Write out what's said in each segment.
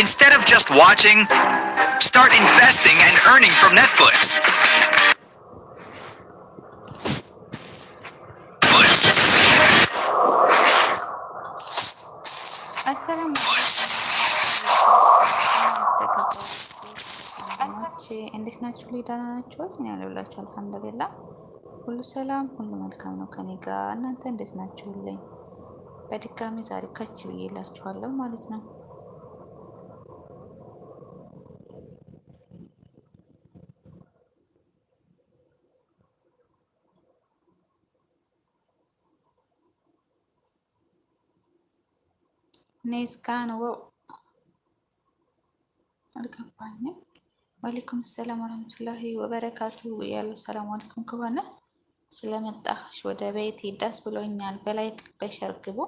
Instead of just watching, start investing and earning from Netflix. እንዴት ናችሁ? ደህና ናችሁ? እኔ ያለሁላችሁ አልሐምዱሊላ ሁሉ ሰላም፣ ሁሉ መልካም ነው ከኔ ጋር። እናንተ እንዴት ናችሁልኝ? በድጋሚ ዛሬ ከች ብዬላችኋለሁ ማለት ነው። እኔ እስካሁን አልገባኝም። ወአለይኩም ሰላም ወራህመቱላሂ ወበረካቱ ያለው ሰላም አለይኩም ከሆነ ስለመጣሽ ወደ ቤት ደስ ብሎኛል። በላይክ በሸር ግቡ፣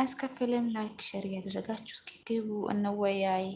አያስከፍልም። ላይክ ሸር እያደረጋችሁ እስኪ ግቡ እንወያይ።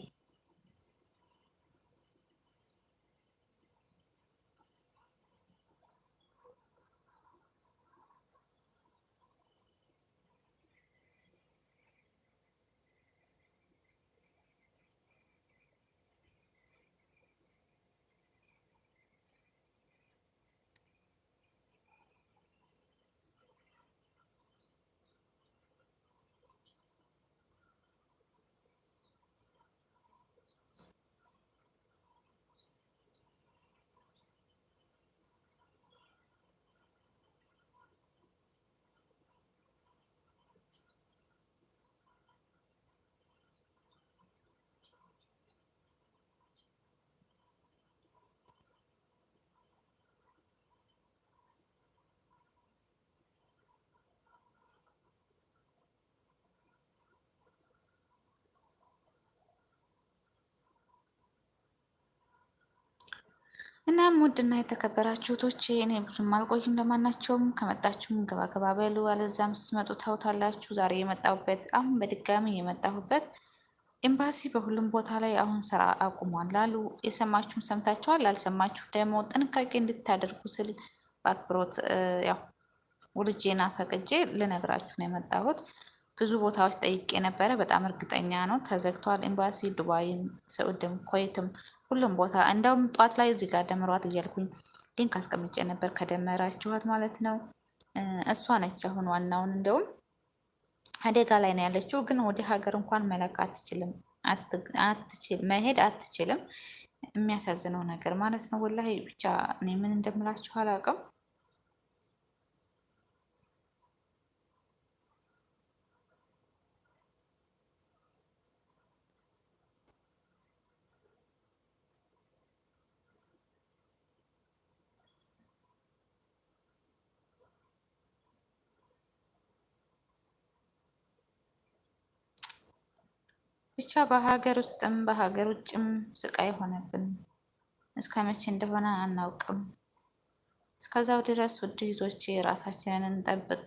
እናም ውድና የተከበራችሁ ቶቼ እኔ ብዙም አልቆይም። ለማናቸውም ከመጣችሁም ገባገባ በሉ፣ አለዛም ስትመጡ ታውታላችሁ። ዛሬ የመጣሁበት አሁን በድጋሚ የመጣሁበት ኤምባሲ በሁሉም ቦታ ላይ አሁን ስራ አቁሟል ላሉ የሰማችሁም ሰምታችኋል፣ አልሰማችሁ ደግሞ ጥንቃቄ እንድታደርጉ ስል በአክብሮት ያው ውርጄና ፈቅጄ ልነግራችሁ ነው የመጣሁት። ብዙ ቦታዎች ጠይቄ ነበረ። በጣም እርግጠኛ ነው ተዘግቷል ኤምባሲ ዱባይም፣ ሰዑድም፣ ኮይትም ሁሉም ቦታ እንደውም ጧት ላይ እዚህ ጋር ደምሯት እያልኩኝ ሊንክ አስቀምጬ ነበር፣ ከደመራችኋት ማለት ነው። እሷ ነች አሁን ዋናውን እንደውም አደጋ ላይ ነው ያለችው። ግን ወደ ሀገር እንኳን መለክ አትችልም፣ መሄድ አትችልም። የሚያሳዝነው ነገር ማለት ነው። ወላሂ ብቻ እኔ ምን እንደምላችሁ አላውቅም። ብቻ በሀገር ውስጥም በሀገር ውጭም ስቃይ ሆነብን። እስከ መቼ እንደሆነ አናውቅም። እስከዛው ድረስ ውድ እህቶቼ ራሳችንን እንጠብቅ።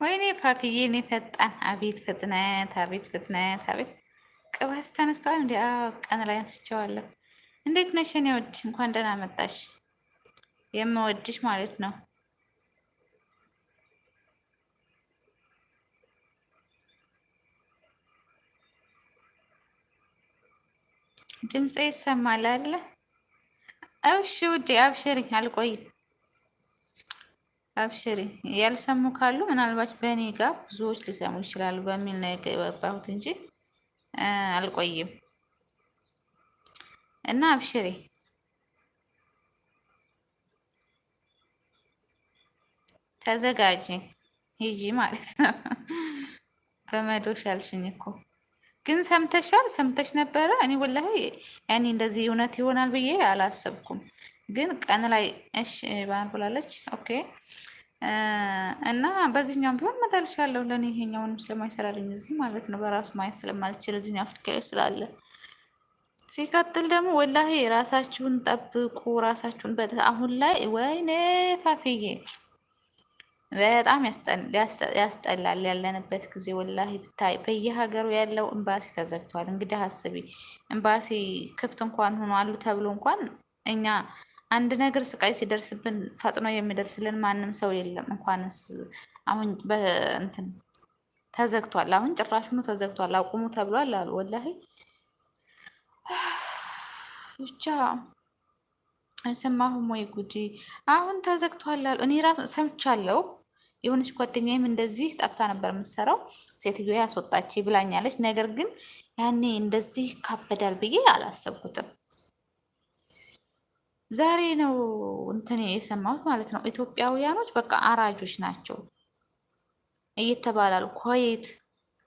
ወይኔ ፓፒዬ፣ እኔ ፈጣን! አቤት ፍጥነት! አቤት ፍጥነት! አቤት ቅባስ ተነስተዋል። እንዲ ቀን ላይ አንስቼዋለሁ። እንዴት ነሽ የኔ ውድ? እንኳን ደህና መጣሽ። የምወድሽ ማለት ነው። ድምፄ ይሰማል አይደለ? እሺ ውዴ፣ አብሽሪኝ፣ አልቆይም አብሽሪ ያልሰሙ ካሉ ምናልባት በእኔ ጋር ብዙዎች ሊሰሙ ይችላሉ በሚል ነው የገባሁት እንጂ አልቆይም። እና አብሽሪ ተዘጋጂ ሂጂ ማለት ነው። በመዶሽ አልሽኝ እኮ ግን ሰምተሻል፣ ሰምተሽ ነበረ። እኔ ወላሂ ያኔ እንደዚህ እውነት ይሆናል ብዬ አላሰብኩም። ግን ቀን ላይ እሺ ባን ብላለች። ኦኬ እና በዚህኛውም ቢሆን መታልሻለሁ ለእኔ ይሄኛውንም ስለማይሰራልኝ እዚህ ማለት ነው በራሱ ማየት ስለማልችል እዚህኛው ፍትከ ስላለ ሲቀጥል ደግሞ ወላሂ ራሳችሁን ጠብቁ። ራሳችሁን አሁን ላይ ወይኔ ፋፍዬ በጣም ያስጠላል ያለንበት ጊዜ ወላሂ ብታይ፣ በየሀገሩ ያለው ኤምባሲ ተዘግቷል። እንግዲህ አስቢ ኤምባሲ ክፍት እንኳን ሆኖ አሉ ተብሎ እንኳን እኛ አንድ ነገር ስቃይ ሲደርስብን ፈጥኖ የሚደርስልን ማንም ሰው የለም። እንኳንስ አሁን በእንትን ተዘግቷል። አሁን ጭራሽኑ ተዘግቷል። አቁሙ ተብሏል አሉ። ወላሂ ብቻ አልሰማሁም ወይ ጉጂ። አሁን ተዘግቷል አሉ። እኔ ራሱ ሰምቻለሁ። የሆነች ጓደኛዬም እንደዚህ ጠፍታ ነበር የምትሰራው ሴትዮ ያስወጣች ብላኛለች። ነገር ግን ያኔ እንደዚህ ካበዳል ብዬ አላሰብኩትም። ዛሬ ነው እንትን የሰማሁት ማለት ነው። ኢትዮጵያውያኖች በቃ አራጆች ናቸው እየተባላሉ ኮይት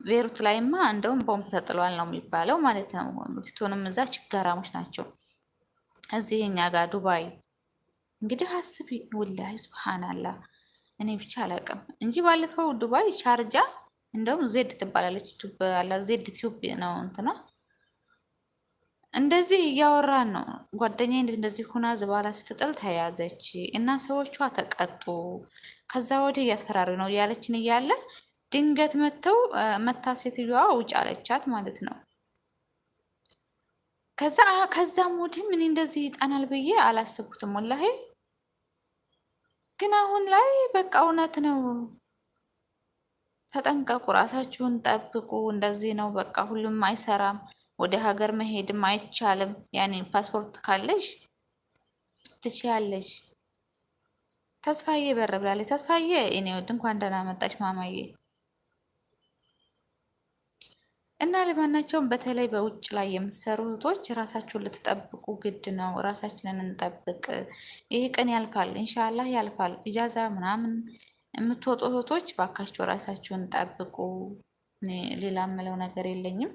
ቤሩት ላይማ እንደውም ቦምብ ተጥሏል ነው የሚባለው ማለት ነው። ፊቱንም እዛ ችጋራሞች ናቸው። እዚህ እኛ ጋር ዱባይ እንግዲህ አስቢ ውላይ ስብሓናላ እኔ ብቻ አላውቅም እንጂ ባለፈው ዱባይ ሻርጃ እንደውም ዜድ ትባላለች ቱብ ዜድ ቲዩብ ነው እንትና እንደዚህ እያወራን ነው። ጓደኛ እንደዚህ ሁና ዝባላ ስትጥል ተያዘች እና ሰዎቿ ተቀጡ። ከዛ ወዲህ እያስፈራሪ ነው እያለችን እያለ ድንገት መጥተው መታ ሴትዮዋ ውጭ አለቻት ማለት ነው። ከዛ ከዛም ወዲህ ምን እንደዚህ ይጣናል ብዬ አላስብኩትም ወላሂ። ግን አሁን ላይ በቃ እውነት ነው። ተጠንቀቁ፣ ራሳችሁን ጠብቁ። እንደዚህ ነው በቃ ሁሉም አይሰራም። ወደ ሀገር መሄድም አይቻልም። ያኔ ፓስፖርት ካለሽ ትችያለሽ። ተስፋዬ በር ብላለች። ተስፋዬ እኔ ውድ እንኳን ደህና መጣሽ ማማዬ። እና ለማናቸውም በተለይ በውጭ ላይ የምትሰሩ እህቶች ራሳችሁን ልትጠብቁ ግድ ነው። ራሳችንን እንጠብቅ። ይሄ ቀን ያልፋል፣ እንሻላህ ያልፋል። ኢጃዛ ምናምን የምትወጡ እህቶች ባካችሁ ራሳችሁን ጠብቁ። ሌላ ምለው ነገር የለኝም።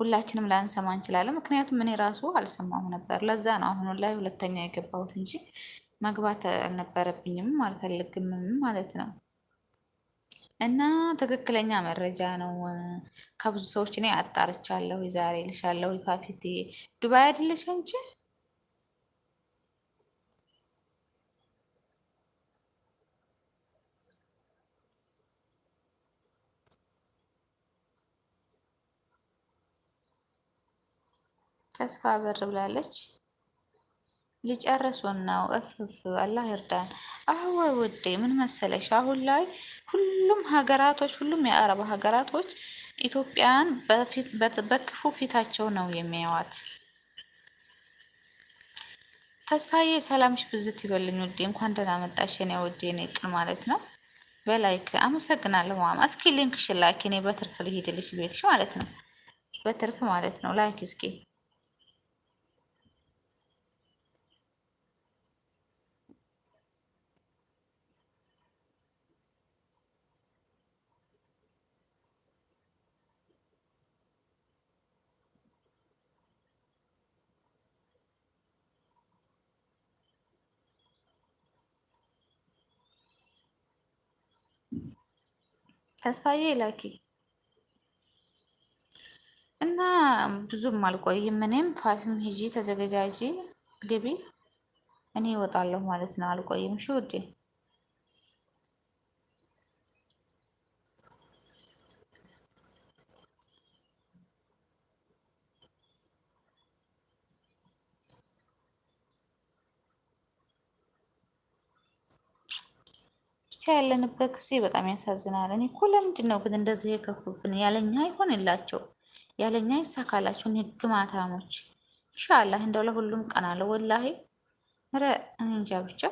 ሁላችንም ላንሰማ እንችላለን። ምክንያቱም እኔ ራሱ አልሰማሁ ነበር። ለዛ ነው አሁኑ ላይ ሁለተኛ የገባሁት እንጂ መግባት አልነበረብኝም አልፈልግምም ማለት ነው። እና ትክክለኛ መረጃ ነው። ከብዙ ሰዎች እኔ አጣርቻለሁ። ዛሬ ልሻለሁ ፋፊቴ ዱባይ አይደለሽ ተስፋ በር ብላለች። ሊጨርሱን ነው። እፍፍ አላህ ይርዳን። አህወ ውዴ ምን መሰለሽ፣ አሁን ላይ ሁሉም ሀገራቶች ሁሉም የአረብ ሀገራቶች ኢትዮጵያን በክፉ ፊታቸው ነው የሚያዋት። ተስፋዬ ሰላምሽ ብዝት ይበልኝ ውዴ፣ እንኳን ደህና መጣሽ የኔ ውዴ፣ የኔ ቅን ማለት ነው። በላይክ አመሰግናለሁ። ማማ እስኪ ሊንክሽ ላኪ፣ እኔ በትርፍ ልሂድልሽ ቤትሽ ማለት ነው። በትርፍ ማለት ነው ላይክ እስኪ ተስፋዬ ላኪ እና ብዙም አልቆይም። እኔም ፋፊም ሂጂ ተዘገጃጂ ግቢ፣ እኔ እወጣለሁ ማለት ነው። አልቆይም ሺ ውዴ ብቻ ያለንበት ጊዜ በጣም ያሳዝናል። እኔ እኮ ለምንድን ነው ግን እንደዚህ የከፉብን? ያለኛ ይሆንላቸው ያለኛ ይሳካላቸው። እኔ ግማታሞች ኢንሻላህ እንደው ለሁሉም ቀን አለ ወላሂ ረ እኔ እንጃ ብቻ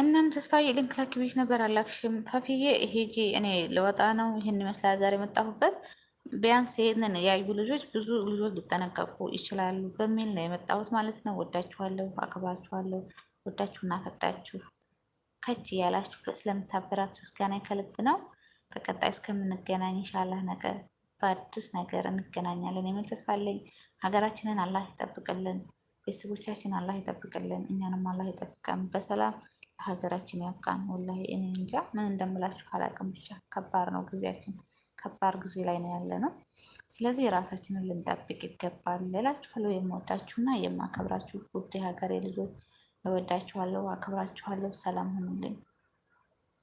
እናም ተስፋዬ ልንክላክብሽ ነበር አላክሽም። ፈፊዬ ሄጂ እኔ ልወጣ ነው። ይህን መስላ ዛሬ የመጣሁበት። ቢያንስ ይህንን ያዩ ልጆች ብዙ ልጆች ሊጠነቀቁ ይችላሉ በሚል ነው የመጣሁት ማለት ነው። ወዳችኋለሁ፣ አክብራችኋለሁ። ወዳችሁና ፈቅዳችሁ ከች እያላችሁ ስለምታበራት ምስጋና ከልብ ነው። በቀጣይ እስከምንገናኝ ኢንሻላህ ነገ በአዲስ ነገር እንገናኛለን የሚል ተስፋ አለኝ። ሀገራችንን አላህ ይጠብቅልን፣ ቤተሰቦቻችን አላህ ይጠብቅልን፣ እኛንም አላህ ይጠብቀን በሰላም ሀገራችን ያብቃን። ወላሂ እኔ እንጃ ምን እንደምላችሁ ካላቅም ብቻ ከባድ ነው ጊዜያችን፣ ከባድ ጊዜ ላይ ነው ያለ ነው። ስለዚህ ራሳችንን ልንጠብቅ ይገባል እላችኋለሁ። የምወዳችሁና የማከብራችሁ ውድ የሀገሬ ልጆች እወዳችኋለሁ፣ አከብራችኋለሁ። ሰላም ሁኑልኝ።